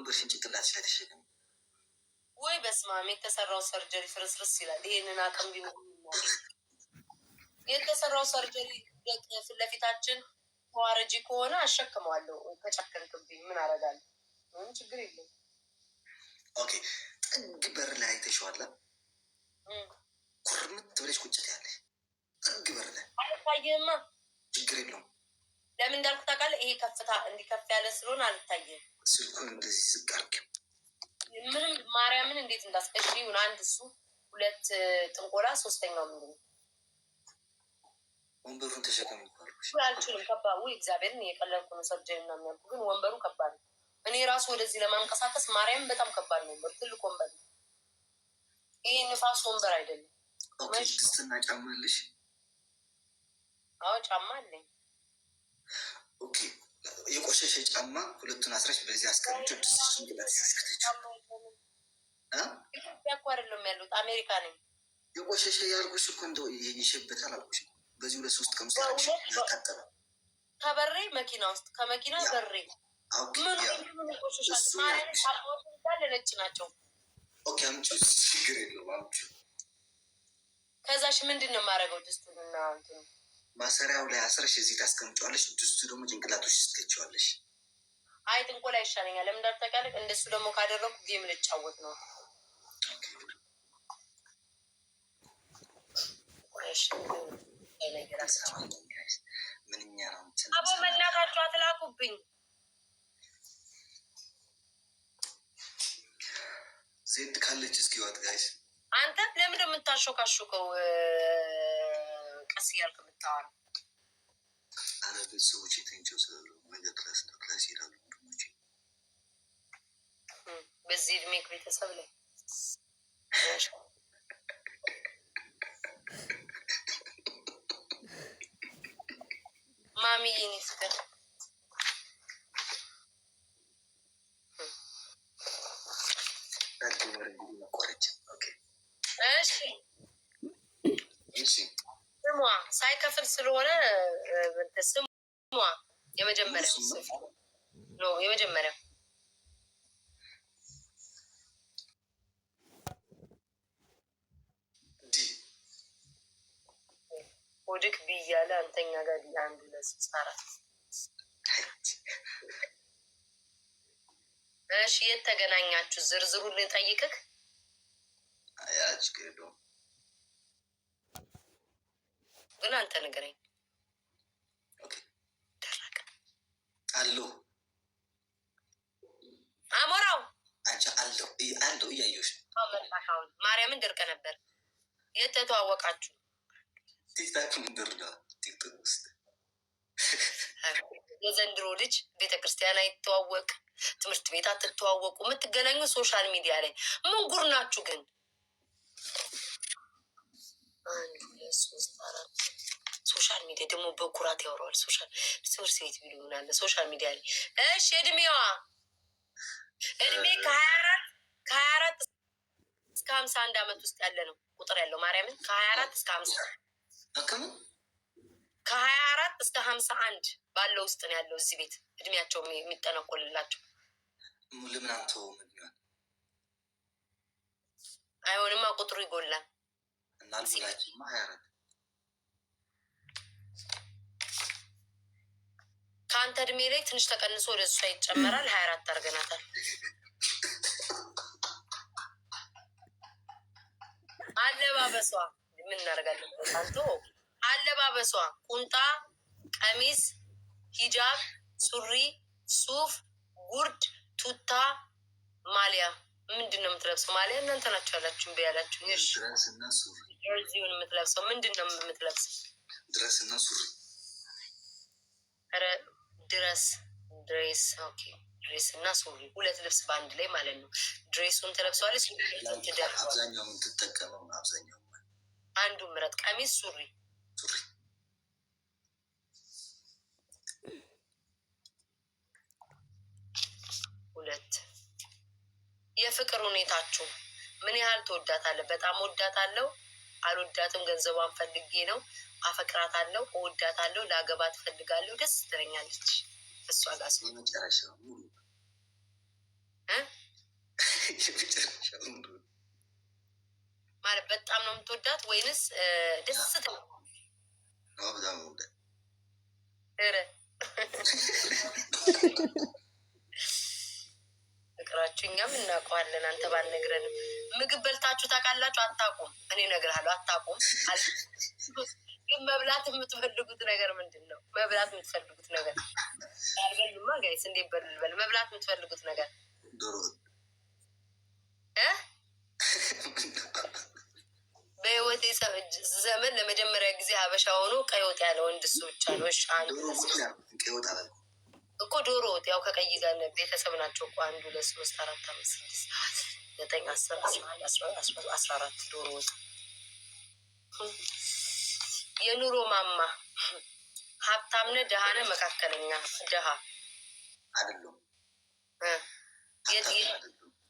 ነገርሽን ጭንቅላት ስለተሸከ ወይ በስማም የተሰራው ሰርጀሪ ፍርስርስ ይላል። ይህንን አቅም ቢኖ የተሰራው ሰርጀሪ ፊት ለፊታችን ተዋረጂ ከሆነ አሸክመዋለሁ። ከጨከንክብኝ ምን አደርጋለሁ? ምንም ችግር የለም። ኦኬ ጥግ በር ላይ አይተሸዋለ ኩርምት ብለሽ ቁጭት ያለ ጥግ በር ላይ አልታየህማ። ችግር የለውም። ለምን እንዳልኩ ታውቃለህ? ይሄ ከፍታ እንዲከፍ ያለ ስለሆነ አልታየህም ስልኩን እንደዚህ ዝቅ አድርጊው። ምንም ማርያምን እንዴት እንዳስቀሽውን አንድ እሱ ሁለት ጥንቆላ፣ ሶስተኛው ምንድን ነው? ወንበሩን ተሸከም አልችልም። ከባድ ውይ፣ እግዚአብሔርን የቀለልኩ ነው። ሰርጀሪ ነው የሚያልኩ፣ ግን ወንበሩ ከባድ ነው። እኔ ራሱ ወደዚህ ለማንቀሳቀስ ማርያም በጣም ከባድ ነው። ወንበር ትልቅ ወንበር ነው። ይሄ ንፋስ ወንበር አይደለም። ስትና ጫማ አለሽ? አዎ ጫማ አለኝ። ኦኬ የቆሸሸ ጫማ ሁለቱን አስራሽ በዚህ አስቀምጭ ድስሽ እንግላት ሸሽክተች ያኳርልም የቆሸሸ ያልኩሽ እኮ እንደው ይሸበታል አልኩሽ። በዚህ ሁለት ሶስት ቀን ታጠበ ከበሬ መኪና ውስጥ ከመኪና በሬ ነጭ ናቸው። ከዛሽ ምንድን ነው የማደርገው ድስቱንና እንትኑ ማሰሪያው ላይ አስረሽ እዚህ ታስቀምጫዋለሽ። ድስቱ ደግሞ ጭንቅላቶች ትስገችዋለሽ። አይ ጥንቆላ ይሻለኛል። ለምን እንዳልተቃለቅ እንደሱ ደግሞ ካደረጉ ጌም ልጫወት ነው። ምንኛ ነው አቦ መላካቸው አትላኩብኝ። ዜድ ካለች እስኪ ዋት ጋይስ። አንተ ለምን እንደምታሾካሾከው ቀስ እያልክ መጥተዋል። አረ ቤተሰቦቼ ተኝቸው ስላሉ መንገድ ክላስ ነው ክላስ ይሄዳሉ ወንድሞቼ። በዚህ እድሜ ቤተሰብ ላይ ማሚዬ ኔ ስለሆነ ስሟ የመጀመሪያው የመጀመሪያው ወድክ ብያለ አንተኛ ጋር አንዱ ለስድስት አራት እሺ፣ የት ተገናኛችሁ? ዝርዝሩን ልጠይቅክ ግን አንተ ንገረኝ። ደረቀ አሉ አሞራው አለው እያየሁሽ ማርያምን ደርቀ ነበር። የት ተተዋወቃችሁ? ቲክታክ ምንድርዳ ቲክቶክ ውስጥ የዘንድሮ ልጅ ቤተክርስቲያን አይተዋወቅ፣ ትምህርት ቤት አትተዋወቁ፣ የምትገናኙ ሶሻል ሚዲያ ላይ ምን ናችሁ ግን? አንድ ሁለት ሶስት አራት ሶሻል ሚዲያ ደግሞ በኩራት ያወራዋል። ሶሻል ሶር ቤት ቢሉ ይሆናለ ሶሻል ሚዲያ ላይ እሺ። እድሜዋ እድሜ ከሀያ አራት ከሀያ አራት እስከ ሀምሳ አንድ አመት ውስጥ ያለ ነው ቁጥር ያለው ማርያምን ከሀያ አራት እስከ ሀምሳ ከሀያ አራት እስከ ሀምሳ አንድ ባለው ውስጥ ነው ያለው እዚህ ቤት እድሜያቸው የሚጠነቆልላቸው ለምን አንተ አይሆንማ ቁጥሩ ይጎላል እና ሀያ አራት ከአንተ እድሜ ላይ ትንሽ ተቀንሶ ወደ እሷ ይጨመራል። ሀያ አራት አድርገናታል። አለባበሷ ምን እናደርጋለን? አለባበሷ ቁንጣ፣ ቀሚስ፣ ሂጃብ፣ ሱሪ፣ ሱፍ፣ ጉርድ፣ ቱታ፣ ማሊያ ምንድን ነው የምትለብሰው? ማሊያ እናንተ ናቸው ያላችሁ ያላችሁ ዚሁን የምትለብሰው ምንድን ነው የምትለብሰው? ድረስ እና ሱሪ ድረስ ድሬስ ኦኬ ድሬስ እና ሱሪ ሁለት ልብስ በአንድ ላይ ማለት ነው። ድሬሱን ትለብሰዋለች፣ አብዛኛው የምትጠቀመው አብዛኛው አንዱ ምረት ቀሚስ፣ ሱሪ ሁለት የፍቅር ሁኔታችሁ ምን ያህል ትወዳታለህ? በጣም ወዳታለሁ፣ አልወዳትም፣ ገንዘቧን ፈልጌ ነው አፈቅራታለሁ፣ እወዳታለሁ፣ ላገባ ትፈልጋለሁ፣ ደስ ትለኛለች። እሷ ጋር ማለት በጣም ነው የምትወዳት ወይንስ ደስ ትለ ፍቅራችሁ እኛም እናውቀዋለን። አንተ ባልነግረንም ምግብ በልታችሁ ታውቃላችሁ? አታውቁም። እኔ እነግርሃለሁ፣ አታውቁም መብላት የምትፈልጉት ነገር ምንድን ነው? መብላት የምትፈልጉት ነገር ያልበሉማ፣ ጋይስ እንዴ በልበል? መብላት የምትፈልጉት ነገር በህይወቴ ዘመን ለመጀመሪያ ጊዜ ሀበሻ ሆኖ ቀይ ወጥ ያለ ወንድ እሱ ብቻ ነው። እሺ እኮ ዶሮ ወጥ ያው ከቀይ ጋር ቤተሰብ ናቸው እኮ አንዱ ለሶስት አራት አምስት ስድስት ሰባት ዘጠኝ አስር አስራ አንድ አስራ አስራ አራት ዶሮ ወጥ የኑሮ ማማ ሀብታምነ ድሃነ መካከለኛ ድሃ አይደለም።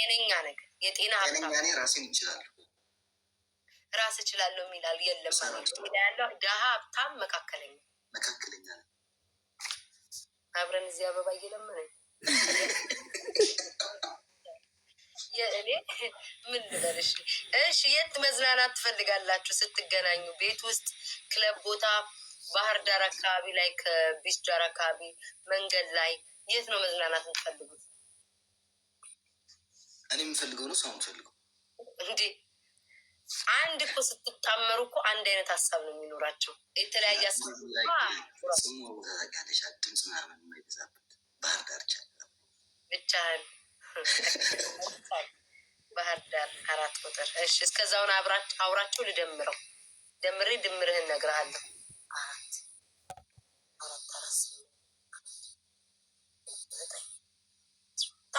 የነኛ ነገር የጤና ሀብታም ራሴን ይችላል ራስ እችላለሁ የሚላል የለም። ያለው ደሃ ሀብታም መካከለኛ መካከለኛ አብረን እዚህ አበባ እየለመነ የእኔ ምን ልበልሽ? እሺ የት መዝናናት ትፈልጋላችሁ ስትገናኙ? ቤት ውስጥ፣ ክለብ ቦታ፣ ባህር ዳር አካባቢ ላይ፣ ከቢስ ዳር አካባቢ መንገድ ላይ የት ነው መዝናናት የምትፈልጉት? እኔ የምፈልገው ነው ሰው የምፈልገው እንዴ? አንድ እኮ ስትታመሩ እኮ አንድ አይነት ሀሳብ ነው የሚኖራቸው። የተለያየ ሀሳብ ድምፅ ምናምን የማይበዛበት ባህር ዳር ብቻህን ባህር ዳር አራት ቁጥር። እሺ እስከዛውን አውራቸው ልደምረው፣ ደምሬ ድምርህን እነግርሃለሁ።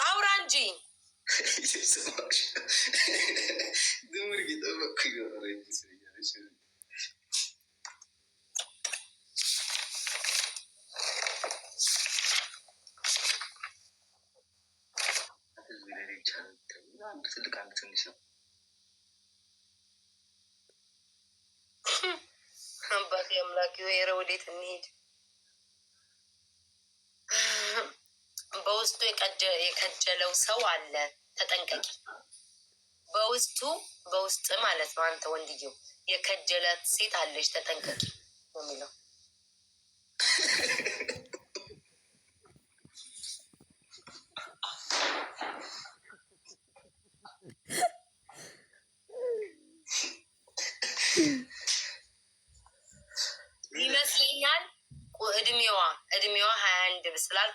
አውራ እንጂ ድምር ይቻላል ተብሎ አንድ ትልቅ አንድ ትንሽ ነው። አባት አምላክ ወይረ ወዴት እንሄድ? በውስጡ የከጀለው ሰው አለ፣ ተጠንቀቂ። በውስጡ በውስጥ ማለት ነው። አንተ ወንድየው የከጀለት ሴት አለች፣ ተጠንቀቂ የሚለው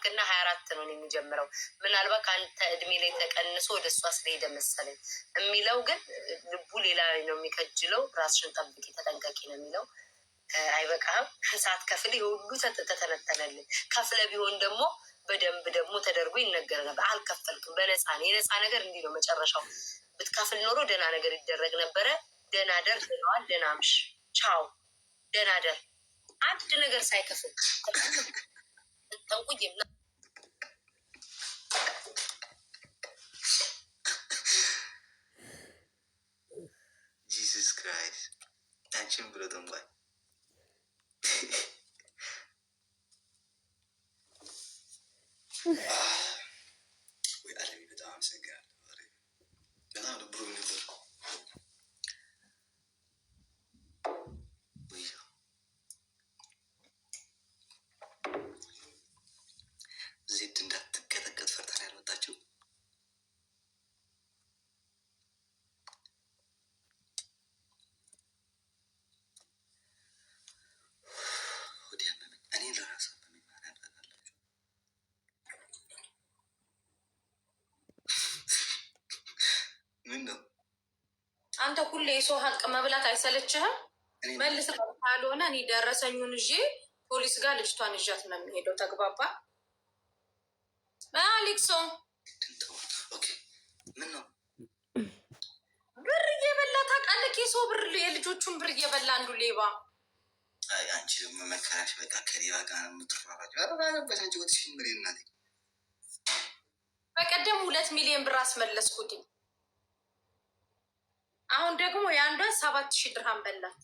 እና ሀያ አራት ነው የሚጀምረው። ምናልባት ከአንተ እድሜ ላይ ተቀንሶ ወደ እሷ ስለሄደ መሰለኝ የሚለው ግን ልቡ ሌላ ነው የሚከጅለው። ራስሽን ጠብቂ፣ ተጠንቀቂ ነው የሚለው። አይበቃም ሰዓት ከፍል የሁሉ ተተነተነልን። ከፍለ ቢሆን ደግሞ በደንብ ደግሞ ተደርጎ ይነገር ነበር። አልከፈልክም፣ በነፃ ነው። የነፃ ነገር እንዲህ ነው መጨረሻው። ብትከፍል ኖሮ ደህና ነገር ይደረግ ነበረ። ደህና ደር ብለዋል። ደህና ምሽ፣ ቻው፣ ደህና ደር። አንድ ነገር ሳይከፍል ተንቁዬ Christ. Now Jim Brother Mbai. ah. ምን ነው አንተ ሁሌ የሰው ሀቅ መብላት አይሰለችህም? መልስ ካልሆነ እኔ ደረሰኙን ይዤ ፖሊስ ጋር ልጅቷን ይዣት ነው የሚሄደው። ተግባባ አሌክሶ? ብር እየበላ ታውቃለህ? የሰው ብር የልጆቹን ብር እየበላ አንዱ ሌባ። አንቺ ደግሞ መከራሽ በቃ ከሌባ ጋር የምትራራጭ አረባበት። በቀደም ሁለት ሚሊዮን ብር አስመለስኩትኝ አሁን ደግሞ የአንዷ ሰባት ሺህ ድርሃም በላት።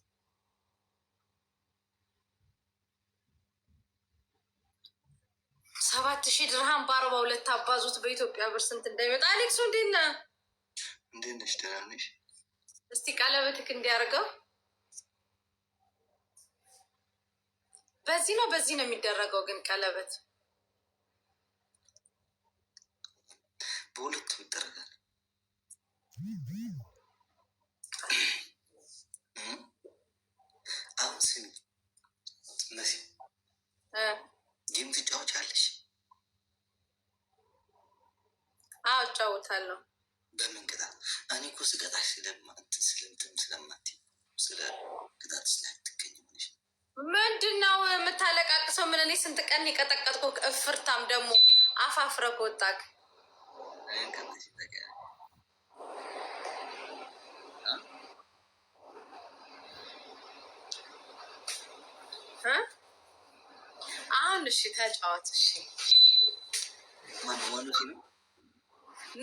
ሰባት ሺህ ድርሃም በአርባ ሁለት አባዙት በኢትዮጵያ ብር ስንት እንዳይመጣ አሌክሱ እንዴት ነህ? እንዴት ነሽ? ደህና ነሽ? እስቲ ቀለበትክ እንዲያርገው። በዚህ ነው በዚህ ነው የሚደረገው። ግን ቀለበት በሁለቱም ይደረጋል። ስቀጣሽ ስለማንትን ስለምትም ስለማት ስለ ቅጣት ስላትገኝ ሆነሽ ምንድን ነው የምታለቃቅሰው? ምን እኔ ስንት ቀን የቀጠቀጥኩ እፍርታም ደግሞ አፋፍረ ወጣክ አሁን እሺ ተጫወት እሺ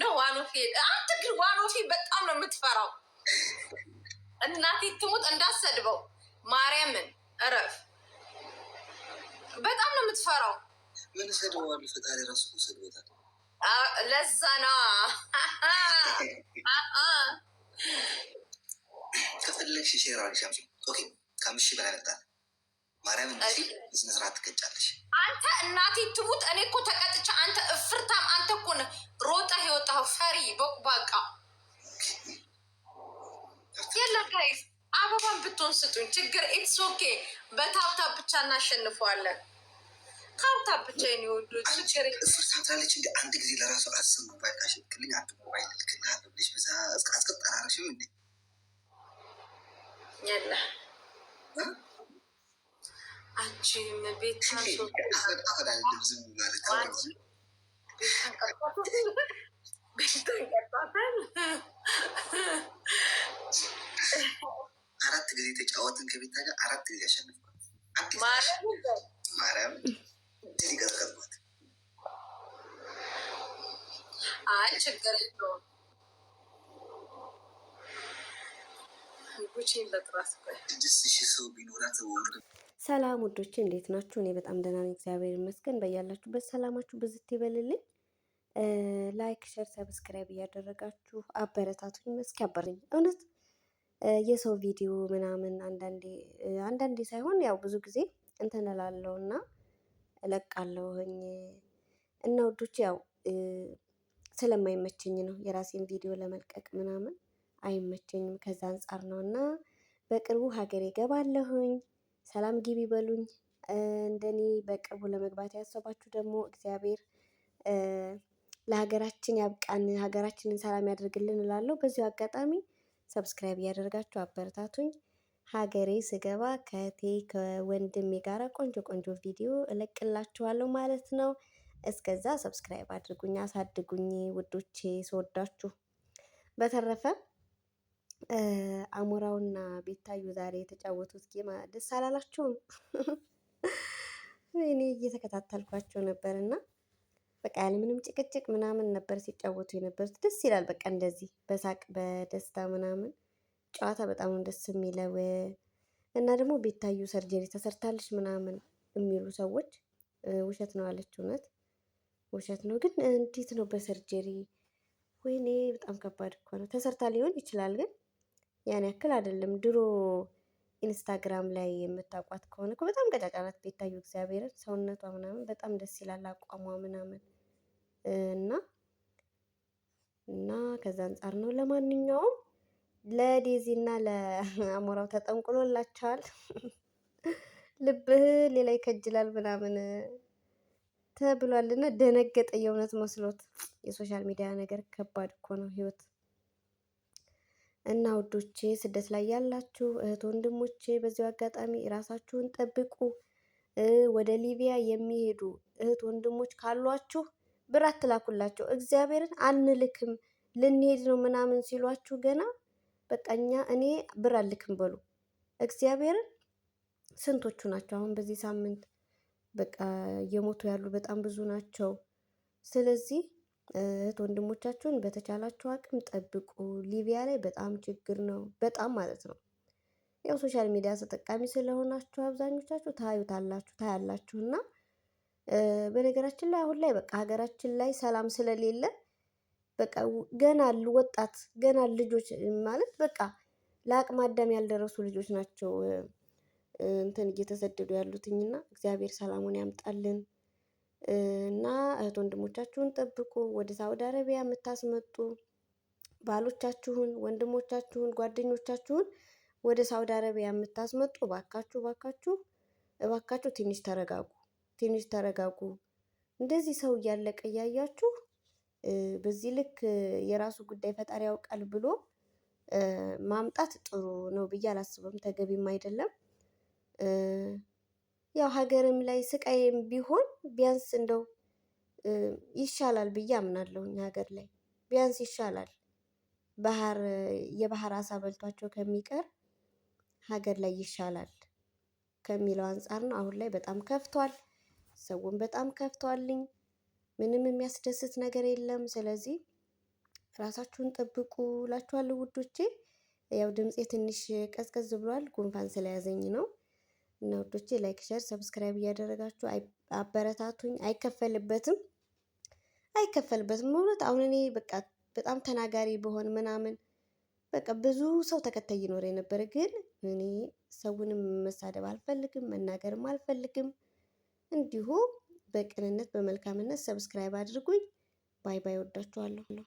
ነው ዋኖፌ። አንተ ግን ዋኖፌ በጣም ነው የምትፈራው። እናቴ ትሙት እንዳሰድበው ማርያምን እረፍ። በጣም ነው የምትፈራው። ምን ሰድበዋል? ፈጣሪ ራሱ ሰድቦታል። ለዛ ነው ከፈለግሽ ሼራል ሻምሽ ከምሽ በላይ ነጣል ማርያም ስነ ስርዓት ትቀጫለሽ። አንተ እናቴ ትሙት፣ እኔ እኮ ተቀጥቼ፣ አንተ እፍርታም፣ አንተ እኮ ነህ ሮጠህ የወጣኸው ፈሪ በቁባቃ። የለም ጋይስ፣ አበባን ብትሆን ስጡኝ፣ ችግር ኢትስ ኦኬ። በታብታብ ብቻ እናሸንፈዋለን። ታብታብ ብቻ የወዶች ችግር እፍርታት አለች። እንደ አንድ ጊዜ ለራሱ አስብ ሞባይል ካሸንክልኝ አንድ ሞባይል ልክልሃለሁ ብለሽ በዛ እስከ አስቀጠራረሽም እንዴ የለ አራት ጊዜ ተጫወትን ከቤታ ጋር አራት ጊዜ አሸንፏል። ማርያም ድል አይ ችግር የለውም። ጉቺን ለጥራት ስድስት ሺህ ሰው ቢኖራት ሰላም ውዶች እንዴት ናችሁ? እኔ በጣም ደህና ነኝ፣ እግዚአብሔር ይመስገን። በያላችሁበት ሰላማችሁ ብዝት ይበልልኝ። ላይክ፣ ሸር፣ ሰብስክራይብ እያደረጋችሁ አበረታቱኝ። እስኪ አበረኝ እውነት የሰው ቪዲዮ ምናምን አንዳንዴ አንዳንዴ ሳይሆን ያው ብዙ ጊዜ እንትን እላለሁ እና እለቃለሁኝ እና ውዶች ያው ስለማይመቸኝ ነው የራሴን ቪዲዮ ለመልቀቅ ምናምን አይመቸኝም። ከዛ አንጻር ነው እና በቅርቡ ሀገሬ ገባለሁኝ ሰላም ግቢ በሉኝ። እንደኔ በቅርቡ ለመግባት ያሰባችሁ ደግሞ እግዚአብሔር ለሀገራችን ያብቃን፣ ሀገራችንን ሰላም ያደርግልን እላለሁ። በዚሁ አጋጣሚ ሰብስክራይብ እያደረጋችሁ አበረታቱኝ። ሀገሬ ስገባ ከቴ ከወንድሜ ጋራ ቆንጆ ቆንጆ ቪዲዮ እለቅላችኋለሁ ማለት ነው። እስከዛ ሰብስክራይብ አድርጉኝ፣ አሳድጉኝ ውዶቼ፣ ስወዳችሁ። በተረፈ አሞራውና ቤታዩ ዛሬ የተጫወቱት ጌማ ደስ አላላቸውም። እኔ እየተከታተልኳቸው ነበር እና በቃ ያለ ምንም ጭቅጭቅ ምናምን ነበር ሲጫወቱ የነበሩት። ደስ ይላል። በቃ እንደዚህ በሳቅ በደስታ ምናምን ጨዋታ በጣም ደስ የሚለው። እና ደግሞ ቤታዩ ሰርጀሪ ተሰርታለች ምናምን የሚሉ ሰዎች ውሸት ነው አለች። እውነት ውሸት ነው ግን እንዴት ነው በሰርጀሪ? ወይኔ በጣም ከባድ እኮ ነው። ተሰርታ ሊሆን ይችላል ግን ያን ያክል አይደለም። ድሮ ኢንስታግራም ላይ የምታውቋት ከሆነ በጣም ቀጫጫ ናት ቤታዩ እግዚአብሔርን ሰውነቷ ምናምን በጣም ደስ ይላል አቋሟ ምናምን እና እና ከዛ አንጻር ነው። ለማንኛውም ለዴዚ እና ለአሞራው ተጠንቁሎላቸዋል። ልብህ ሌላ ይከጅላል ምናምን ተብሏልና ደነገጠ። የእውነት መስሎት የሶሻል ሚዲያ ነገር ከባድ እኮ ነው ህይወት እና ውዶቼ ስደት ላይ ያላችሁ እህት ወንድሞቼ በዚሁ አጋጣሚ ራሳችሁን ጠብቁ። ወደ ሊቢያ የሚሄዱ እህት ወንድሞች ካሏችሁ ብር አትላኩላቸው። እግዚአብሔርን አንልክም ልንሄድ ነው ምናምን ሲሏችሁ ገና በቃ እኛ እኔ ብር አልክም በሉ። እግዚአብሔርን ስንቶቹ ናቸው አሁን በዚህ ሳምንት በቃ እየሞቱ ያሉ በጣም ብዙ ናቸው። ስለዚህ እህት ወንድሞቻችሁን በተቻላችሁ አቅም ጠብቁ። ሊቢያ ላይ በጣም ችግር ነው፣ በጣም ማለት ነው። ያው ሶሻል ሚዲያ ተጠቃሚ ስለሆናችሁ አብዛኞቻችሁ ታዩታላችሁ፣ ታያላችሁ እና በነገራችን ላይ አሁን ላይ በቃ ሀገራችን ላይ ሰላም ስለሌለ በቃ ገና ወጣት ገና ልጆች ማለት በቃ ለአቅመ አዳም ያልደረሱ ልጆች ናቸው እንትን እየተሰደዱ ያሉትኝና እግዚአብሔር ሰላሙን ያምጣልን። እና እህት ወንድሞቻችሁን ጠብቁ። ወደ ሳውዲ አረቢያ የምታስመጡ ባሎቻችሁን፣ ወንድሞቻችሁን፣ ጓደኞቻችሁን ወደ ሳውዲ አረቢያ የምታስመጡ እባካችሁ እባካችሁ እባካችሁ ትንሽ ተረጋጉ፣ ትንሽ ተረጋጉ። እንደዚህ ሰው እያለቀ እያያችሁ በዚህ ልክ የራሱ ጉዳይ ፈጣሪ ያውቃል ብሎ ማምጣት ጥሩ ነው ብዬ አላስብም፣ ተገቢም አይደለም። ያው ሀገርም ላይ ስቃይም ቢሆን ቢያንስ እንደው ይሻላል ብዬ አምናለሁኝ። ሀገር ላይ ቢያንስ ይሻላል ባህር የባህር አሳ በልቷቸው ከሚቀር ሀገር ላይ ይሻላል ከሚለው አንጻር ነው። አሁን ላይ በጣም ከፍቷል፣ ሰውን በጣም ከፍቷልኝ። ምንም የሚያስደስት ነገር የለም። ስለዚህ ራሳችሁን ጠብቁ እላችኋለሁ ውዶቼ። ያው ድምፄ ትንሽ ቀዝቀዝ ብሏል፣ ጉንፋን ስለያዘኝ ነው። እና ውዶቼ ላይክ፣ ሸር፣ ሰብስክራይብ እያደረጋችሁ አበረታቱኝ። አይከፈልበትም አይከፈልበትም። እውነት አሁን እኔ በቃ በጣም ተናጋሪ በሆን ምናምን በቃ ብዙ ሰው ተከታይ ይኖረ የነበረ ግን እኔ ሰውንም መሳደብ አልፈልግም፣ መናገርም አልፈልግም። እንዲሁ በቅንነት በመልካምነት ሰብስክራይብ አድርጉኝ። ባይ ባይ። ወዳችኋለሁ።